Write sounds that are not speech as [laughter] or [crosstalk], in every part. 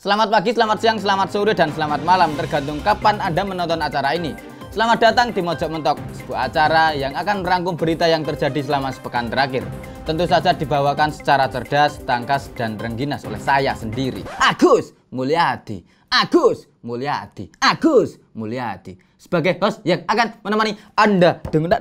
Selamat pagi, selamat siang, selamat sore, dan selamat malam tergantung kapan Anda menonton acara ini. Selamat datang di Mojok Mentok, sebuah acara yang akan merangkum berita yang terjadi selama sepekan terakhir. Tentu saja dibawakan secara cerdas, tangkas, dan rengginas oleh saya sendiri. Agus Mulyadi, Agus Mulyadi, Agus Mulyadi. Sebagai host yang akan menemani Anda dengan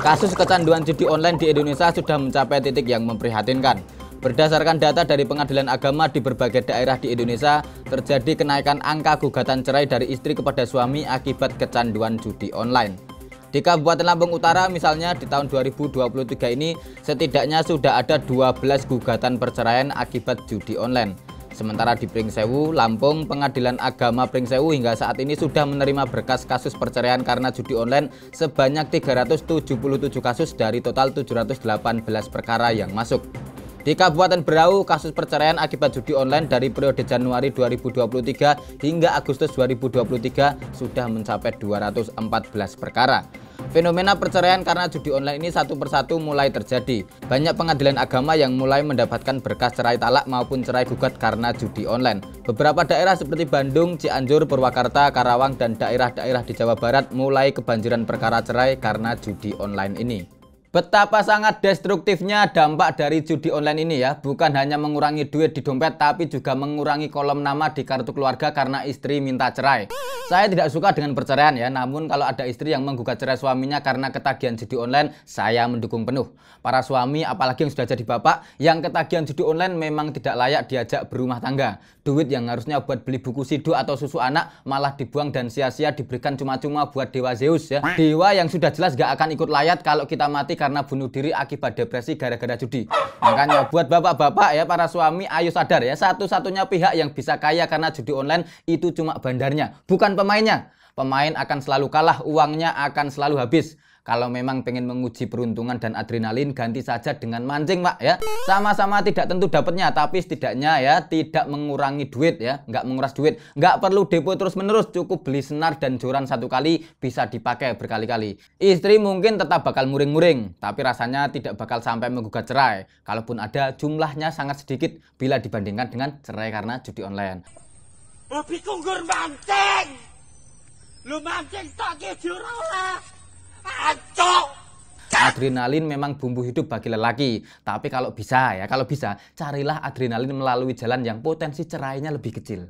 kasus kecanduan judi online di Indonesia sudah mencapai titik yang memprihatinkan. Berdasarkan data dari pengadilan agama di berbagai daerah di Indonesia, terjadi kenaikan angka gugatan cerai dari istri kepada suami akibat kecanduan judi online. Di Kabupaten Lampung Utara misalnya di tahun 2023 ini setidaknya sudah ada 12 gugatan perceraian akibat judi online. Sementara di Pringsewu, Lampung, Pengadilan Agama Pringsewu hingga saat ini sudah menerima berkas kasus perceraian karena judi online sebanyak 377 kasus dari total 718 perkara yang masuk. Di Kabupaten Berau, kasus perceraian akibat judi online dari periode Januari 2023 hingga Agustus 2023 sudah mencapai 214 perkara. Fenomena perceraian karena judi online ini satu persatu mulai terjadi. Banyak pengadilan agama yang mulai mendapatkan berkas cerai talak maupun cerai gugat karena judi online. Beberapa daerah seperti Bandung, Cianjur, Purwakarta, Karawang, dan daerah-daerah di Jawa Barat mulai kebanjiran perkara cerai karena judi online ini. Betapa sangat destruktifnya dampak dari judi online ini ya. Bukan hanya mengurangi duit di dompet, tapi juga mengurangi kolom nama di kartu keluarga karena istri minta cerai. Saya tidak suka dengan perceraian ya, namun kalau ada istri yang menggugat cerai suaminya karena ketagihan judi online, saya mendukung penuh. Para suami, apalagi yang sudah jadi bapak, yang ketagihan judi online memang tidak layak diajak berumah tangga duit yang harusnya buat beli buku sidu atau susu anak malah dibuang dan sia-sia diberikan cuma-cuma buat dewa Zeus ya. Dewa yang sudah jelas gak akan ikut layat kalau kita mati karena bunuh diri akibat depresi gara-gara judi. Makanya buat bapak-bapak ya para suami ayo sadar ya satu-satunya pihak yang bisa kaya karena judi online itu cuma bandarnya bukan pemainnya. Pemain akan selalu kalah, uangnya akan selalu habis. Kalau memang pengen menguji peruntungan dan adrenalin, ganti saja dengan mancing, Pak ya. Sama-sama tidak tentu dapatnya, tapi setidaknya ya tidak mengurangi duit ya, nggak menguras duit. Nggak perlu depo terus-menerus, cukup beli senar dan joran satu kali bisa dipakai berkali-kali. Istri mungkin tetap bakal muring-muring, tapi rasanya tidak bakal sampai menggugat cerai. Kalaupun ada, jumlahnya sangat sedikit bila dibandingkan dengan cerai karena judi online. Lebih kunggur mancing! Lu mancing tak jurang lah! Adrenalin memang bumbu hidup bagi lelaki, tapi kalau bisa ya, kalau bisa carilah adrenalin melalui jalan yang potensi cerainya lebih kecil.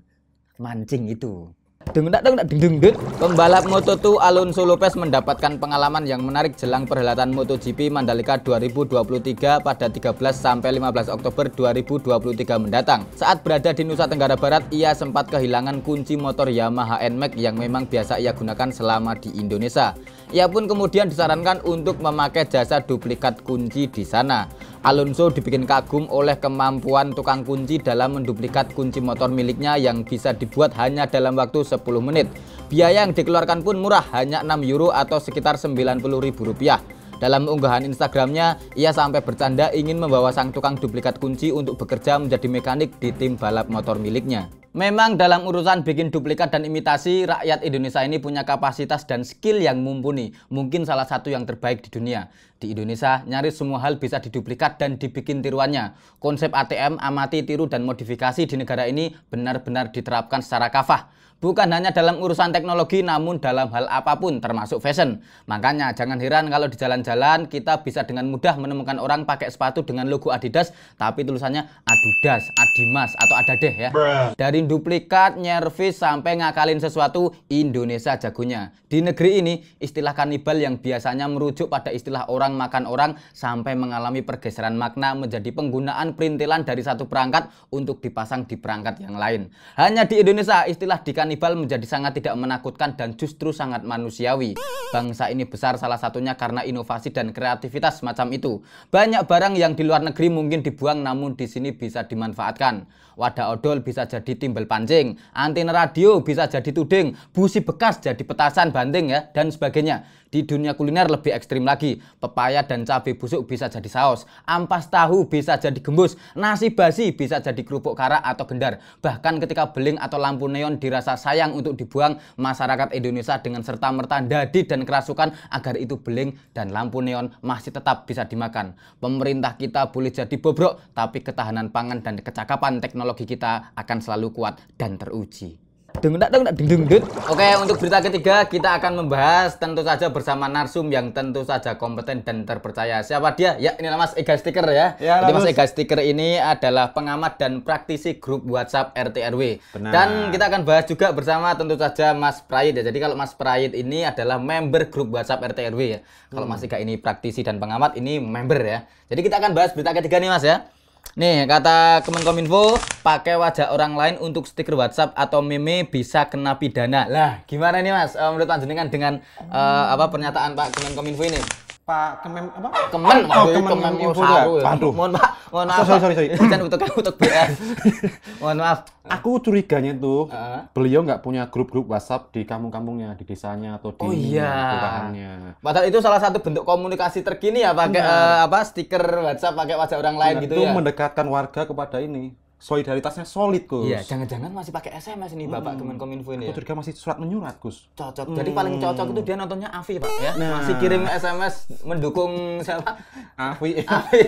Mancing itu. Deng deng deng deng Pembalap Moto2 Alonso Lopez mendapatkan pengalaman yang menarik jelang perhelatan MotoGP Mandalika 2023 pada 13 sampai 15 Oktober 2023 mendatang. Saat berada di Nusa Tenggara Barat, ia sempat kehilangan kunci motor Yamaha NMAX yang memang biasa ia gunakan selama di Indonesia. Ia ya pun kemudian disarankan untuk memakai jasa duplikat kunci di sana. Alonso dibikin kagum oleh kemampuan tukang kunci dalam menduplikat kunci motor miliknya yang bisa dibuat hanya dalam waktu 10 menit. Biaya yang dikeluarkan pun murah, hanya 6 euro atau sekitar 90 ribu rupiah. Dalam unggahan Instagramnya, ia sampai bercanda ingin membawa sang tukang duplikat kunci untuk bekerja menjadi mekanik di tim balap motor miliknya. Memang dalam urusan bikin duplikat dan imitasi, rakyat Indonesia ini punya kapasitas dan skill yang mumpuni, mungkin salah satu yang terbaik di dunia. Di Indonesia, nyaris semua hal bisa diduplikat dan dibikin tiruannya. Konsep ATM, amati, tiru, dan modifikasi di negara ini benar-benar diterapkan secara kafah. Bukan hanya dalam urusan teknologi, namun dalam hal apapun, termasuk fashion. Makanya jangan heran kalau di jalan-jalan kita bisa dengan mudah menemukan orang pakai sepatu dengan logo Adidas, tapi tulisannya Adidas, Adimas, atau Adadeh ya. Dari duplikat, nyervis, sampai ngakalin sesuatu, Indonesia jagonya. Di negeri ini, istilah kanibal yang biasanya merujuk pada istilah orang orang makan orang sampai mengalami pergeseran makna menjadi penggunaan perintilan dari satu perangkat untuk dipasang di perangkat yang lain. Hanya di Indonesia istilah dikanibal menjadi sangat tidak menakutkan dan justru sangat manusiawi. Bangsa ini besar salah satunya karena inovasi dan kreativitas macam itu. Banyak barang yang di luar negeri mungkin dibuang namun di sini bisa dimanfaatkan. Wadah odol bisa jadi timbel pancing, antena radio bisa jadi tuding, busi bekas jadi petasan banting ya dan sebagainya. Di dunia kuliner lebih ekstrim lagi. Pepaya dan cabai busuk bisa jadi saus. Ampas tahu bisa jadi gembus. Nasi basi bisa jadi kerupuk kara atau gendar. Bahkan ketika beling atau lampu neon dirasa sayang untuk dibuang, masyarakat Indonesia dengan serta-merta dadi dan kerasukan agar itu beling dan lampu neon masih tetap bisa dimakan. Pemerintah kita boleh jadi bobrok, tapi ketahanan pangan dan kecakapan teknologi kita akan selalu kuat dan teruji. Oke, untuk berita ketiga kita akan membahas tentu saja bersama Narsum yang tentu saja kompeten dan terpercaya. Siapa dia? Ya, ini Mas Ega Stiker ya. ya Jadi Mas Ega Stiker ini adalah pengamat dan praktisi grup WhatsApp RTRW. Benar. Dan kita akan bahas juga bersama tentu saja Mas Prayit ya. Jadi kalau Mas Prayit ini adalah member grup WhatsApp RTRW ya. Kalau hmm. Mas Ega ini praktisi dan pengamat ini member ya. Jadi kita akan bahas berita ketiga nih Mas ya. Nih, kata Kemenkominfo, pakai wajah orang lain untuk stiker WhatsApp atau meme bisa kena pidana. Lah, gimana nih Mas? Uh, menurut panjenengan dengan uh, apa pernyataan Pak Kemenkominfo ini? Pak kemen apa? Kemen. Oh, Kemen, Kemen Info ya. Waduh. Mohon maaf. Mohon maaf. Sorry, sorry, sorry. Bukan untuk untuk BS. [laughs] Mohon maaf. Aku curiganya tuh ah. uh. beliau nggak punya grup-grup WhatsApp di kampung-kampungnya, di desanya atau di oh, iya. kelurahannya. Padahal itu salah satu bentuk komunikasi terkini ya pakai uh, apa stiker WhatsApp pakai wajah orang lain gitu itu ya. Itu mendekatkan warga kepada ini solidaritasnya solid Gus. Iya, jangan-jangan masih pakai SMS nih Bapak hmm. Kemenkominfo ini. Aku ya? curiga masih surat menyurat Gus. Cocok. Hmm. Jadi paling mm. cocok itu dia nontonnya Avi Pak ya. Nah. Masih kirim SMS mendukung siapa? Avi. Avi.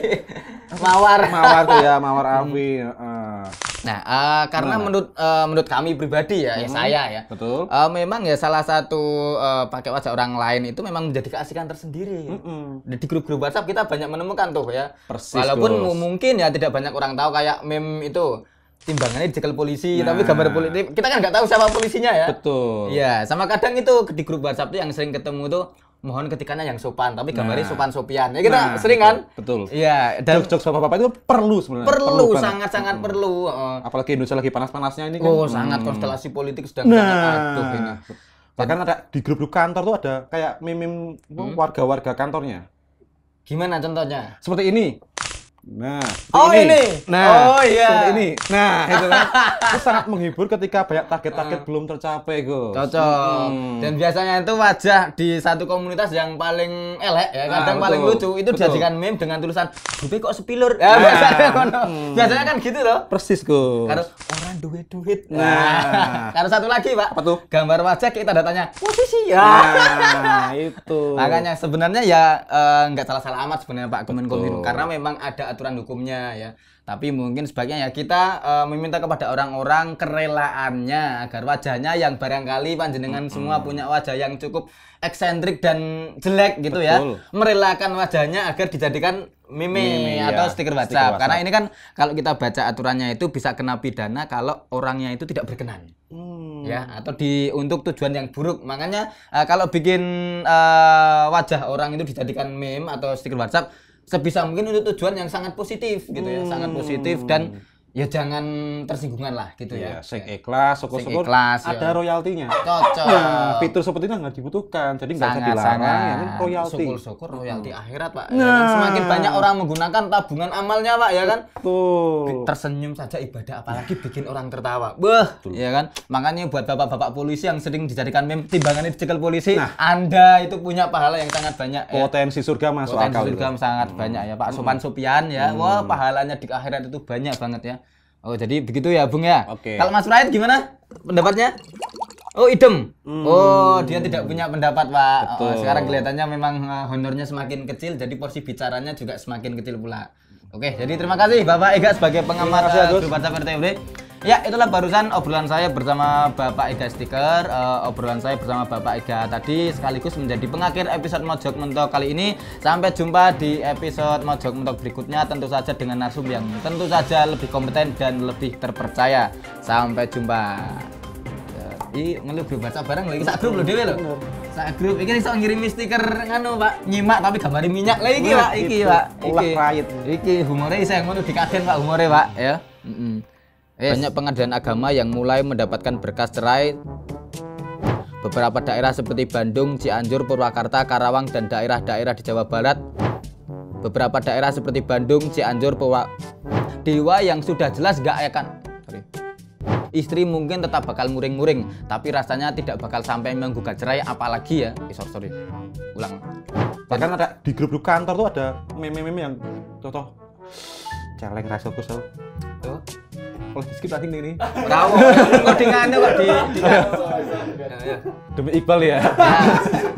Mawar. Mawar tuh ya, Mawar Avi. Hmm. Uh, Nah, uh, karena nah. menurut uh, menurut kami pribadi ya, hmm. ya saya ya. Betul. Uh, memang ya salah satu uh, pakai wajah orang lain itu memang menjadi keasikan tersendiri. Mm Di grup-grup WhatsApp kita banyak menemukan tuh ya. Persis. Walaupun dos. mungkin ya tidak banyak orang tahu kayak meme itu timbangannya dicekel polisi nah. tapi gambar polisi kita kan nggak tahu siapa polisinya ya betul ya sama kadang itu di grup WhatsApp tuh yang sering ketemu tuh mohon ketikannya yang sopan tapi gambarnya nah. sopan sopian ya kita nah, sering kan betul iya dan jokes bapak bapak itu perlu sebenarnya perlu, perlu sangat banget. sangat hmm. perlu uh. apalagi Indonesia lagi panas panasnya ini kan oh sangat hmm. konstelasi politik sedang nah. sangat ini bahkan ada di grup grup kantor tuh ada kayak mimim hmm? warga-warga kantornya gimana contohnya seperti ini Nah, oh ini. ini. Nah, oh iya. ini. Nah, itu kan. [laughs] itu sangat menghibur ketika banyak target-target uh. belum tercapai, Gus. Cocok. Hmm. Dan biasanya itu wajah di satu komunitas yang paling elek ya, kadang nah, paling lucu itu dijadikan meme dengan tulisan "Dupe kok sepilur." Ya, nah. [laughs] biasanya kan. Hmm. Biasanya kan gitu loh. Persis, Gus. Harus orang duit-duit. Nah. [laughs] Harus satu lagi, Pak. Apa tuh? Gambar wajah kita datanya posisi ya. Nah, itu. Makanya sebenarnya ya eh, nggak uh, salah-salah amat sebenarnya Pak Kemenkominfo karena memang ada aturan hukumnya ya. Tapi mungkin sebaiknya ya kita uh, meminta kepada orang-orang kerelaannya agar wajahnya yang barangkali panjenengan -hmm. semua punya wajah yang cukup eksentrik dan jelek gitu ya, Betul. ya. Merelakan wajahnya agar dijadikan meme, iya. atau ya. stiker, WhatsApp. Karena ini kan kalau kita baca aturannya itu bisa kena pidana kalau orangnya itu tidak berkenan. Hmm. Ya, atau di untuk tujuan yang buruk. Makanya uh, kalau bikin uh, wajah orang itu dijadikan meme atau stiker WhatsApp sebisa mungkin untuk tujuan yang sangat positif gitu ya, sangat positif dan hmm ya jangan tersinggungan lah gitu ya. ya. Sing ikhlas, syukur-syukur ya. ada ya. royaltinya. Cocok. Nah, fitur seperti itu nggak dibutuhkan, jadi nggak usah dilarang. Ya, kan? royalti. Syukur-syukur royalti hmm. akhirat pak. Nah. Ya kan? Nah. Semakin banyak orang menggunakan tabungan amalnya pak ya kan. Tuh. Tersenyum saja ibadah, apalagi bikin orang tertawa. Beh, Betul. ya kan. Makanya buat bapak-bapak polisi yang sering dijadikan meme timbangannya dicekel polisi, nah. anda itu punya pahala yang sangat banyak. Ya. Potensi ya. surga masuk Potensi akal. Potensi surga sangat hmm. banyak ya pak. Hmm. Sopan sopian ya. Hmm. Wah pahalanya di akhirat itu banyak banget ya. Oh, jadi begitu ya, Bung ya. Oke. Okay. Kalau Mas Praet gimana pendapatnya? Oh, idem. Hmm. Oh, dia tidak punya pendapat, Pak. Oh, sekarang kelihatannya memang eh, honornya semakin kecil, jadi porsi bicaranya juga semakin kecil pula. Oke, jadi terima kasih Bapak Ega sebagai pengamat uh, Baca TV. Ya, itulah barusan obrolan saya bersama Bapak Ega Stiker, uh, obrolan saya bersama Bapak Ega tadi sekaligus menjadi pengakhir episode Mojok Mentok kali ini. Sampai jumpa di episode Mojok Mentok berikutnya tentu saja dengan narsum yang tentu saja lebih kompeten dan lebih terpercaya. Sampai jumpa. i ngeluh grup baca bareng lagi. Sak grup lo dewe lo. Sak grup iki iso ngirim stiker nganu, Pak. Nyimak tapi gambar minyak lagi iki, Pak. Iki, gitu. Pak. Iki. Ulah rayit. Iki humore iso ngono dikaden, Pak, humore, Pak, ya. Heeh yes. banyak pengadilan agama yang mulai mendapatkan berkas cerai beberapa daerah seperti Bandung, Cianjur, Purwakarta, Karawang, dan daerah-daerah di Jawa Barat beberapa daerah seperti Bandung, Cianjur, Purwak Dewa yang sudah jelas gak ya Sorry. istri mungkin tetap bakal muring-muring tapi rasanya tidak bakal sampai menggugat cerai apalagi ya eh, sorry, sorry. ulang bahkan ada di grup grup kantor tuh ada meme-meme yang contoh celeng rasa kusel tuh oh. Oh, Kalau di skip tadi ini. Bravo. kodingannya kok di. Iya. Demi Iqbal ya. Iya.